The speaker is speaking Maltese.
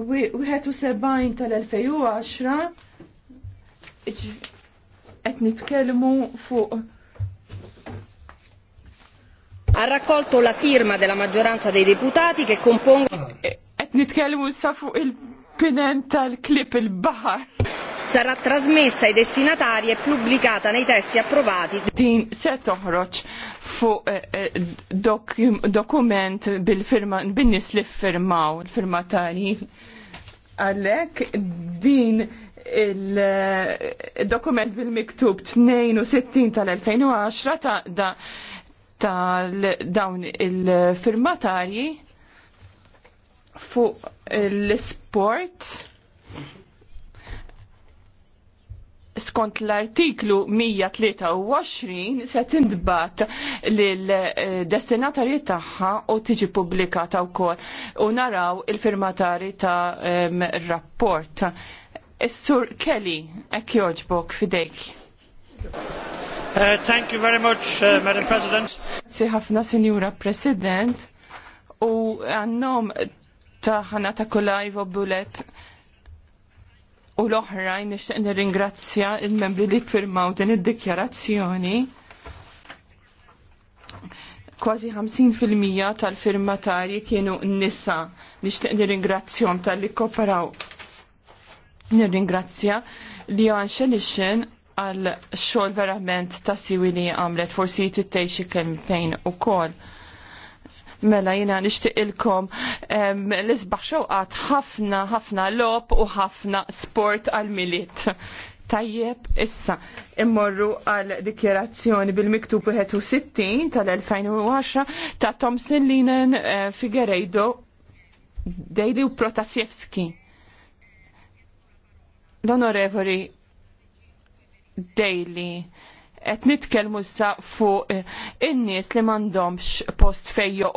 71 tal-2010 qed nitkellmu fuq Ha raccolto la firma della maggioranza dei deputati che compongono e qed nitkellmu issa fuq il-pinent tal-klip il-baħar. Sarà trasmessa ai destinatari e pubblicata nei testi approvati. Din se toħroġ fuq eh, eh, dokument bil-firma, bin-nis li firmaw, il-firmatari. Għalek din il-dokument eh, bil-miktub 62 tal-2010 ta' da tal-dawn il firmatari fuq l-sport skont l-artiklu 123 se tindbat l eh, destinatarji tagħha u tiġi pubblikata wkoll u naraw il-firmatari ta' rapport. Is-sur Kelly, hekk jogħġbok fidejk. Uh, thank you very much, uh, Madam President. Si ħafna Sinjura President u għannom ta' ta' Kolajvo Bullet u l-oħrajn nixtieq nirringrazzja il-membri li firmaw din id-dikjarazzjoni. Kważi 50% tal-firmatarji kienu nisa nixtieq nirringrazzjom tal-li kooperaw. Nirringrazzja li għan xelixin għal xol verament ta' siwi li għamlet forsi tittej tejxi kelmtejn ukoll. Mela jina nishtiq ilkom l-isbaħ xoqat ħafna, ħafna lob u ħafna sport għal-miliet. Tajjeb, issa, immorru għal dikjerazzjoni bil-miktub 60 tal-2010 ta' Thompson Linen eh, Figueredo Dejli u Protasiewski. L-onorevoli Dejli, et nitkelmu sa' fuq eh, in-nies li mandomx post fejjo